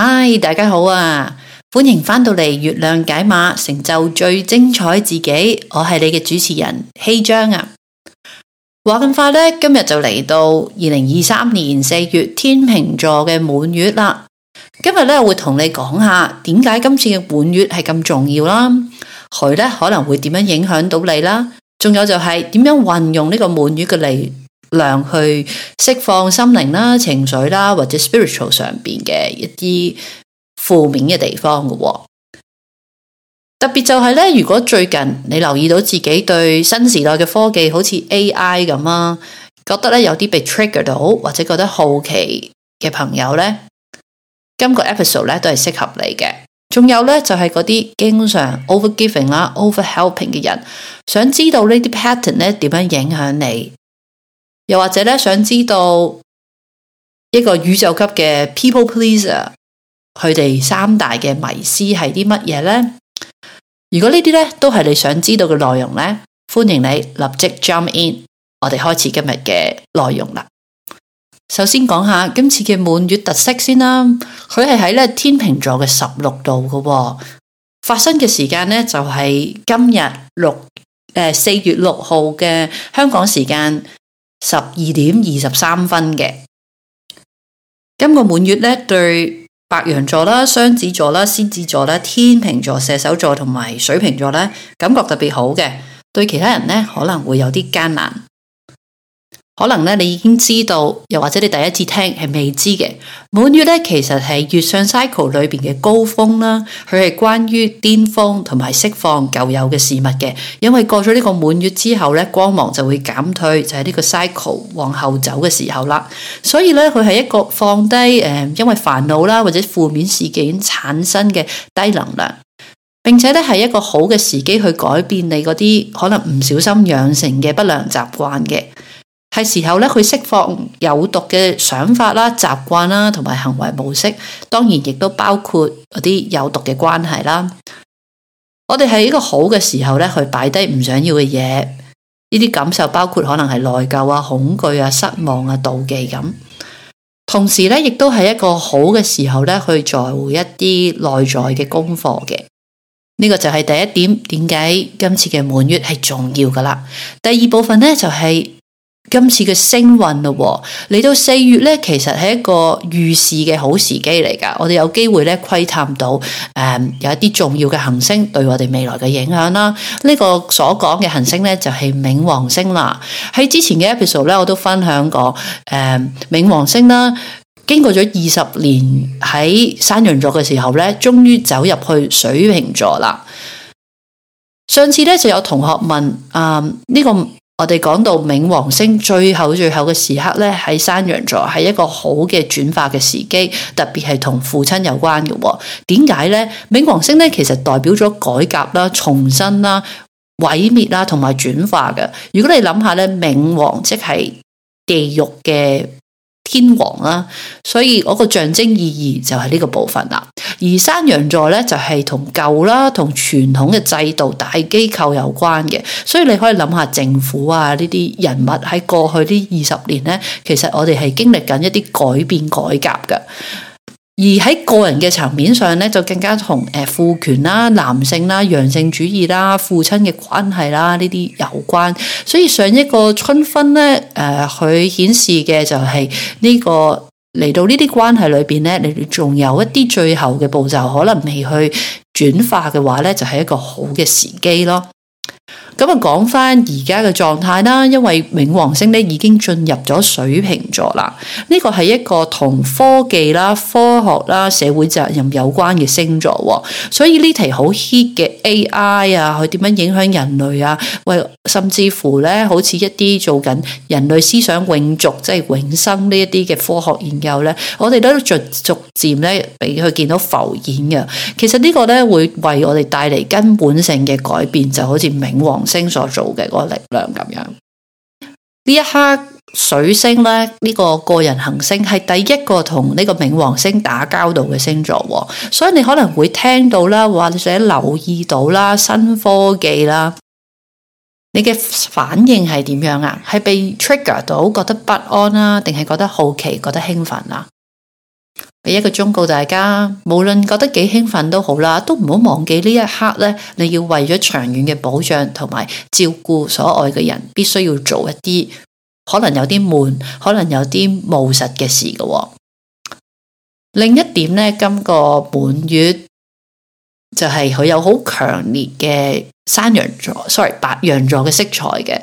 嗨，Hi, 大家好啊！歡迎返到嚟月亮解碼，成就最精彩自己。我係你嘅主持人希張啊。話咁快咧，今日就嚟到二零二三年四月天秤座嘅滿月啦。今日咧我會同你講下點解今次嘅滿月係咁重要啦，佢咧可能會點樣影響到你啦，仲有就係點樣運用呢個滿月嘅嚟量去釋放心靈啦、情緒啦，或者 spiritual 上邊嘅一啲負面嘅地方嘅。特別就係咧，如果最近你留意到自己對新時代嘅科技，好似 AI 咁啊，覺得咧有啲被 trigger 到，或者覺得好奇嘅朋友咧，今個 episode 咧都係適合你嘅。仲有咧就係嗰啲經常 overgiving 啦、overhelping 嘅人，想知道呢啲 pattern 咧點樣影響你。又或者咧想知道一個宇宙級嘅 People Pleaser，佢哋三大嘅迷思係啲乜嘢呢？如果呢啲都係你想知道嘅內容呢，歡迎你立即 jump in，我哋開始今日嘅內容啦。首先講下今次嘅滿月特色先啦，佢係喺天秤座嘅十六度嘅，發生嘅時間呢，就係今日六誒四月六號嘅香港時間。十二點二十三分嘅，今、那個滿月呢，對白羊座啦、雙子座啦、獅子座啦、天秤座、射手座同埋水瓶座呢，感覺特別好嘅，對其他人呢，可能會有啲艱難。可能咧，你已經知道，又或者你第一次聽係未知嘅滿月咧。其實係月相 cycle 裏邊嘅高峰啦，佢係關於巔峰同埋釋放舊有嘅事物嘅。因為過咗呢個滿月之後咧，光芒就會減退，就係呢個 cycle 往後走嘅時候啦。所以咧，佢係一個放低誒，因為煩惱啦或者負面事件產生嘅低能量，並且咧係一個好嘅時機去改變你嗰啲可能唔小心養成嘅不良習慣嘅。係時候咧，去釋放有毒嘅想法啦、習慣啦，同埋行為模式，當然亦都包括嗰啲有毒嘅關係啦。我哋喺一個好嘅時候咧，去擺低唔想要嘅嘢，呢啲感受包括可能係內疚啊、恐懼啊、失望啊、妒忌咁。同時咧，亦都係一個好嘅時候咧，去在乎一啲內在嘅功課嘅。呢個就係第一點，點解今次嘅滿月係重要噶啦？第二部分咧就係。今次嘅星運咯，嚟到四月咧，其實係一個預示嘅好時機嚟㗎。我哋有機會咧窺探到，誒、呃、有一啲重要嘅行星對我哋未來嘅影響啦。呢、呢個所講嘅行星咧就係冥王星啦。喺之前嘅 episode 咧，我都分享過，誒、呃、冥王星啦，經過咗二十年喺山羊座嘅時候咧，終於走入去水瓶座啦。上次咧就有同學問，誒、呃、呢、呢個。我哋講到冥王星最後最後嘅時刻呢，喺山羊座係一個好嘅轉化嘅時機，特別係同父親有關嘅哦。點解呢？冥王星呢其實代表咗改革啦、重生啦、毀滅啦同埋轉化㗎。如果你諗下呢，冥王即係地獄嘅。天王啦，所以我個象徵意義就係呢個部分啦。而山羊座咧就係同舊啦、同傳統嘅制度、大機構有關嘅，所以你可以諗下政府啊呢啲人物喺過去呢二十年咧，其實我哋係經歷緊一啲改變、改革嘅。而喺個人嘅層面上咧，就更加同誒父權啦、男性啦、陽性主義啦、父親嘅關係啦呢啲有關。所以上一個春分咧，誒、呃、佢顯示嘅就係呢、呢個嚟到呢啲關係裏邊咧，你哋仲有一啲最後嘅步驟，可能未去轉化嘅話咧，就係、係、一個好嘅時機咯。咁啊，講翻而家嘅狀態啦，因為冥王星咧已經進入咗水瓶座啦，呢個係一個同科技啦、科學啦、社會責任有關嘅星座，所以呢題好 hit 嘅 AI 啊，佢點樣影響人類啊？喂，甚至乎咧，好似一啲做緊人類思想永續即係、就是、永生呢一啲嘅科學研究咧，我哋都逐逐漸咧俾佢見到浮現嘅。其實呢個咧會為我哋帶嚟根本性嘅改變，就好似冥王星，星所做嘅嗰個力量咁樣，呢一刻水星咧呢、呢個個人行星係第一個同呢個冥王星打交道嘅星座，哦，所以你可能會聽到啦，或者留意到啦，新科技啦，你嘅反應係點樣啊？係被 trigger 到覺得不安啦，啊，定係覺得好奇、覺得興奮啊？一個忠告，大家無論覺得幾興奮都好啦，都唔好忘記呢一刻咧，你要為咗長遠嘅保障同埋照顧所愛嘅人，必須要做一啲可能有啲悶，可能有啲務實嘅事嘅。另一點呢，今個滿月就係佢有好強烈嘅山羊座，sorry 白羊座嘅色彩嘅。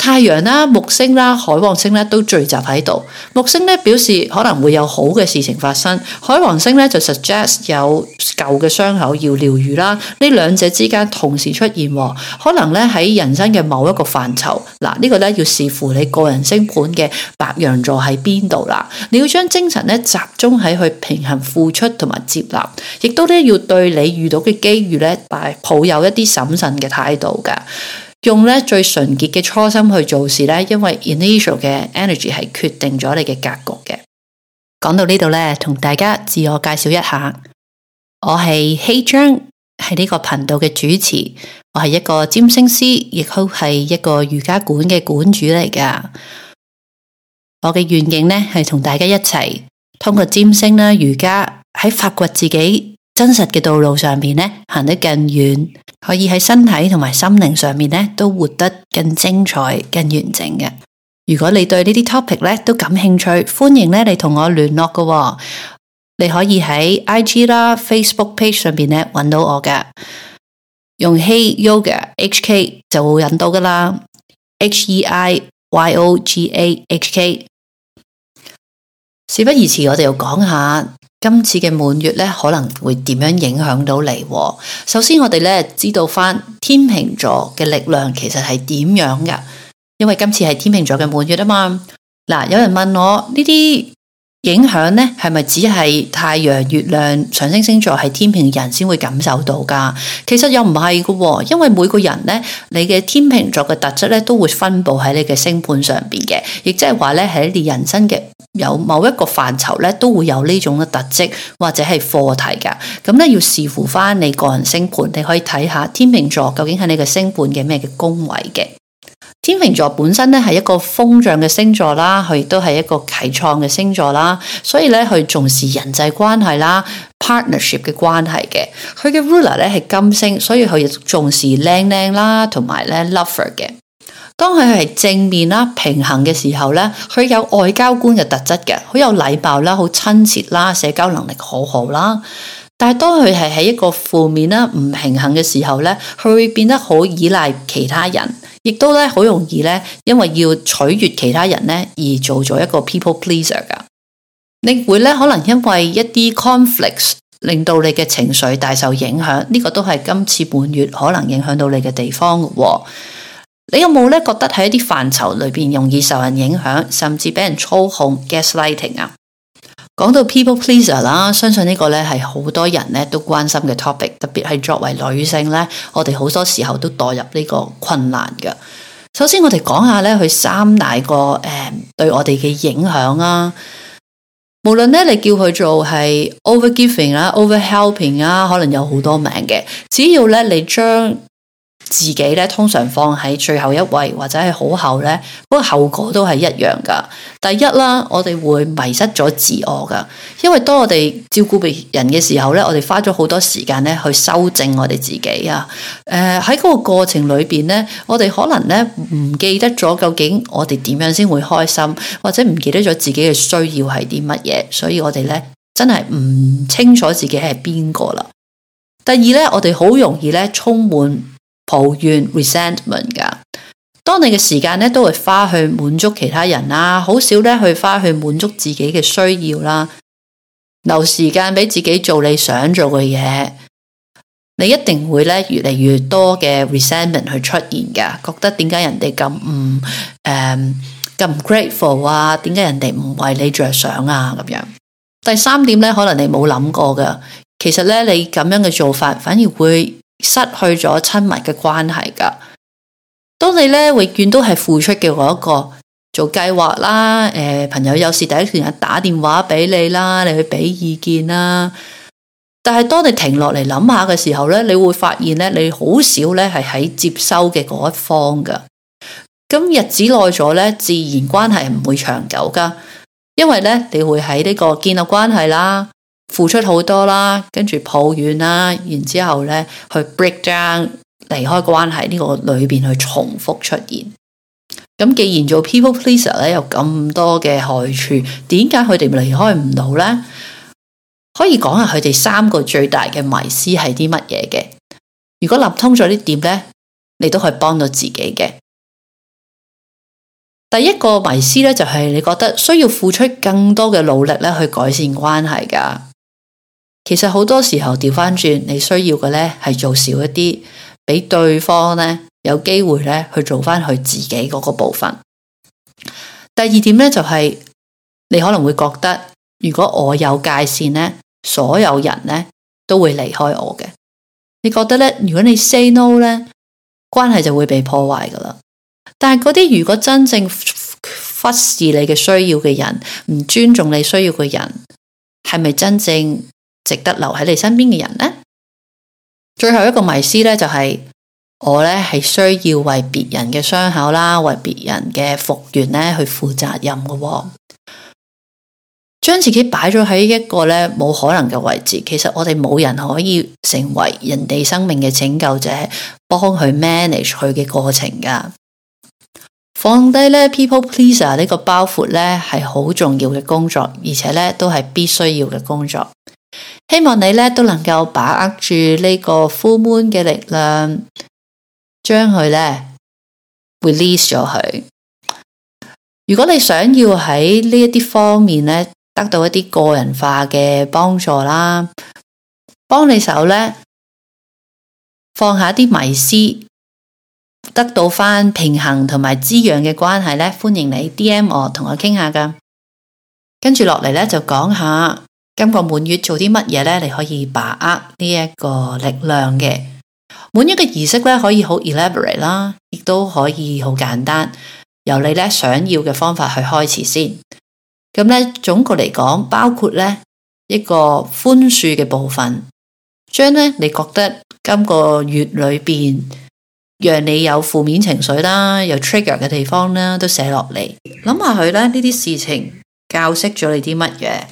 太陽啦、啊、木星啦、啊、海王星咧、啊、都聚集喺度。木星咧表示可能會有好嘅事情發生，海王星咧就 suggest 有舊嘅傷口要療愈啦。呢兩者之間同時出現，可能咧喺人生嘅某一個範疇。嗱，這個、呢個咧要視乎你個人星盤嘅白羊座喺邊度啦。你要將精神咧集中喺去平衡付出同埋接納，亦都咧要對你遇到嘅機遇咧，抱有一啲審慎嘅態度噶。用呢最純潔嘅初心去做事呢，因為 initial 嘅 energy 係決定咗你嘅格局嘅。講到呢度呢，同大家自我介紹一下，我係 Hei Cheung，係呢個頻道嘅主持，我係一個占星師，亦都係一個瑜伽館嘅館主嚟㗎。我嘅願景呢，係同大家一齊通過占星啦、瑜伽，喺發掘自己，真實嘅道路上面行得更遠，可以喺身體同埋心靈上面都活得更精彩、更完整。如果你對呢啲 topic 都感興趣，歡迎你同我聯絡嘅，你可以喺 IG 啦、Facebook page 上面搵到我嘅，用 Hei Yoga HK 就會搵到㗎啦，H E I Y O G A H K。事不宜遲，我哋又講一下。今次嘅滿月呢，可能會點樣影響到你？首先，我哋知道返天秤座嘅力量其實係點樣㗎，因為今次係天秤座嘅滿月啊嘛。嗱，有人問我呢啲影響呢係咪只係太陽、月亮、上升星座係天秤人先會感受到㗎？其實又唔係喎，因為每個人呢，你嘅天秤座嘅特質都會分佈喺你嘅星盤上面嘅，亦即係話呢，喺你人生嘅。有某一個範疇咧，都會有呢種嘅特質或者係課題嘅。咁咧要視乎翻你個人星盤，你可以睇下天秤座究竟係你嘅星盤嘅咩嘅宮位嘅。天秤座本身咧係一個風象嘅星座啦，佢亦都係一個啟創嘅星座啦，所以咧佢重視人際關係啦，partnership 嘅關係嘅。佢嘅 ruler 咧係金星，所以佢亦重視靚靚啦，同埋咧 lover 嘅。當佢係正面啦、平衡嘅時候呢，佢有外交官嘅特質嘅，好有禮貌啦、好親切啦、社交能力好好啦。但係當佢係喺一個負面啦、唔平衡嘅時候呢，佢會變得好依賴其他人，亦都咧好容易呢，因為要取悦其他人呢，而做咗一個 people pleaser 噶。你會呢，可能因為一啲 conflicts 令到你嘅情緒大受影響，呢、這個都係今次滿月可能影響到你嘅地方嘅。你有冇咧覺得喺一啲範疇裏面容易受人影響，甚至俾人操控 gaslighting 啊？講到 people pleaser 啦，相信呢個咧係好多人咧都關心嘅 topic，特別係作為女性咧，我哋好多時候都墮入呢個困難嘅。首先，我哋講下咧佢三大個誒對我哋嘅影響啊。無論咧你叫佢做係 overgiving 啦，overhelping 啊，可能有好多名嘅，只要咧你將自己咧通常放喺最後一位或者係好後呢，不過後果都係一樣㗎。第一啦，我哋會迷失咗自我㗎，因為當我哋照顧別人嘅時候呢，我哋花咗好多時間呢去修正我哋自己啊。誒喺嗰個過程裏面呢，我哋可能呢唔記得咗究竟我哋點樣先會開心，或者唔記得咗自己嘅需要係啲乜嘢，所以我哋呢，真係唔清楚自己係邊個啦。第二呢，我哋好容易呢充滿。抱怨 resentment 噶當你嘅時間咧都會花去滿足其他人啦，好少咧去花去滿足自己嘅需要啦，留時間俾自己做你想做嘅嘢，你一定會咧越嚟越多嘅 resentment 去出現噶覺得點解人哋咁唔誒咁、呃、唔 grateful 啊？點解人哋唔為你着想啊？咁樣第三點咧，可能你冇諗過噶其實咧你咁樣嘅做法反而會。失去咗親密嘅關係噶，當你咧永遠都係付出嘅嗰一個做計劃啦，誒、呃、朋友有事第一時間打電話俾你啦，你去俾意見啦。但係當你停落嚟諗下嘅時候咧，你會發現咧，你好少咧係喺接收嘅嗰一方噶。咁日子耐咗咧，自然關係唔會長久噶，因為咧你會喺呢個建立關係啦。付出好多啦，跟住抱怨啦，然之後呢去 break down 離開關係呢、呢個裏邊去重複出現。咁既然做 people pleaser 呢，有咁多嘅害處，點解佢哋離開唔到呢？可以講下佢哋三個最大嘅迷思係啲乜嘢嘅？如果諗通咗呢點呢，你都可以幫到自己嘅。第一個迷思呢，就係、是、你覺得需要付出更多嘅努力咧去改善關係噶。其實好多時候調返轉，你需要嘅咧係做少一啲，俾對方咧有機會咧去做返佢自己嗰個部分。第二點咧就係你可能會覺得，如果我有界線咧，所有人咧都會離開我嘅。你覺得咧，如果你 say no 咧，關係就會被破壞㗎喇。但係嗰啲如果真正忽視你嘅需要嘅人，唔尊重你需要嘅人，係咪真正？值得留喺你身邊嘅人呢，最後一個迷思、就是、呢，就係我呢係需要為別人嘅傷口啦，為別人嘅復原呢去負責任噶、哦，將自己擺咗喺一個呢冇可能嘅位置。其實我哋冇人可以成為人哋生命嘅拯救者，幫佢 manage 佢嘅過程噶。放低呢 people pleaser 呢個包袱呢，係好重要嘅工作，而且呢都係必須要嘅工作。希望你咧都能夠把握住呢個 full moon 嘅力量，將佢咧 release 咗佢。如果你想要喺呢一啲方面咧得到一啲個人化嘅幫助啦，幫你手咧放下啲迷思，得到翻平衡同埋滋養嘅關係咧，歡迎你 DM 我同我傾下噶。跟住落嚟咧就講下。今個滿月做啲乜嘢咧？你可以把握呢一個力量嘅滿月嘅儀式咧，可以好 elaborate 啦，亦都可以好簡單，由你咧想要嘅方法去開始先。咁咧，總括嚟講，包括咧一個寬恕嘅部分，將咧你覺得今個月裏邊讓你有負面情緒啦，有 trigger 嘅地方呢都寫落嚟，諗下佢咧呢啲事情教識咗你啲乜嘢。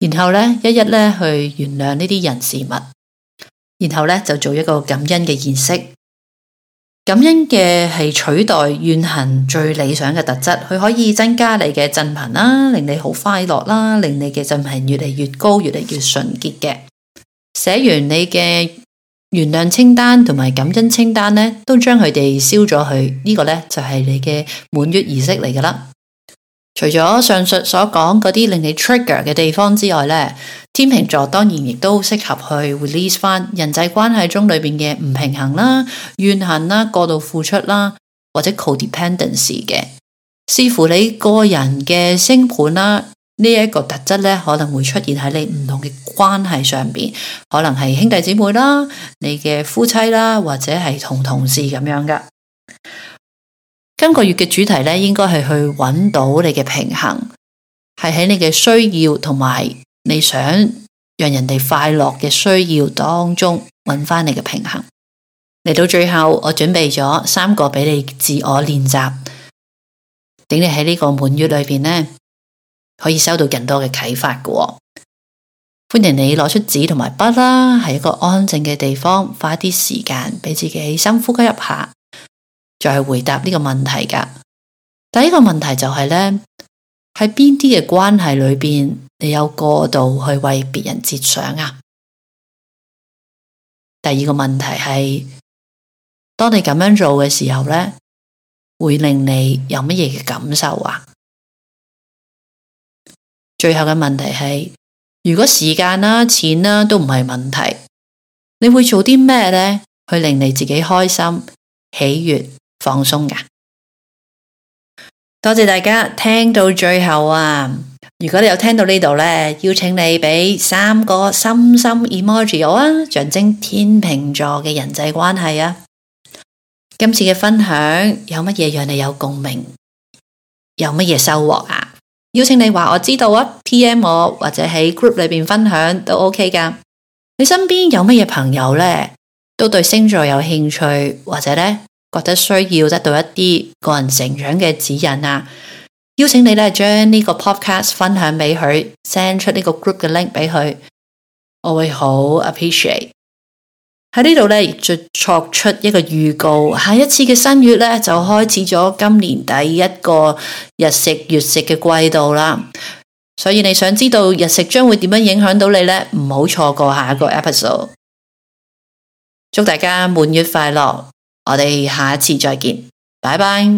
然後呢，一一呢，去原諒呢啲人事物，然後呢，就做一個感恩嘅儀式。感恩嘅係取代怨恨最理想嘅特質，佢可以增加你嘅振頻啦，令你好快樂啦，令你嘅振頻越嚟越高，越嚟越純潔嘅。寫完你嘅原諒清單同埋感恩清單呢，都將佢哋燒咗去，呢、這個呢，就係、是、你嘅滿月儀式嚟㗎啦。除咗上述所講嗰啲令你 trigger 嘅地方之外咧，天秤座當然亦都適合去 release 翻人際關係中裏邊嘅唔平衡啦、怨恨啦、過度付出啦，或者 codependence 嘅。視乎你個人嘅星盤啦，呢一個特質咧，可能會出現喺你唔同嘅關係上邊，可能係兄弟姊妹啦、你嘅夫妻啦，或者係同同事咁樣噶。今個月嘅主題咧，應該係去揾到你嘅平衡，係喺你嘅需要同埋你想讓人哋快樂嘅需要當中揾翻你嘅平衡。嚟到最後，我準備咗三個俾你自我練習，等你喺呢個滿月裏邊咧，可以收到更多嘅啟發嘅喎。歡迎你攞出紙同埋筆啦，喺一個安靜嘅地方，花一啲時間俾自己深呼吸一下。再係回答呢個問題噶第一個問題就係、是、咧，喺邊啲嘅關係裏邊，你有過度去為別人設想啊？第二個問題係，當你咁樣做嘅時候咧，會令你有乜嘢嘅感受啊？最後嘅問題係，如果時間啦、啊、錢啦、啊、都唔係問題，你會做啲咩咧？去令你自己開心、喜悅？放鬆噶，多謝大家聽到最後啊！如果你有聽到呢度呢，邀請你俾三個心心 emoji 啊，象徵天秤座嘅人際關係啊。今次嘅分享有乜嘢讓你有共鳴，有乜嘢收穫啊？邀請你話我，我知道啊，PM 我或者喺 group 裏面分享都 OK 噶。你身邊有乜嘢朋友呢？都對星座有興趣或者呢？覺得需要得到一啲個人成長嘅指引啊，邀請你咧將呢個 podcast 分享俾佢，send 出呢個 group 嘅 link 俾佢，我會好 appreciate。喺呢度咧就作出一個預告，下一次嘅新月咧就開始咗今年第一個日食月食嘅季度啦，所以你想知道日食將會點樣影響到你咧，唔好錯過下一個 episode。祝大家滿月快樂！我哋下一次再見，拜拜。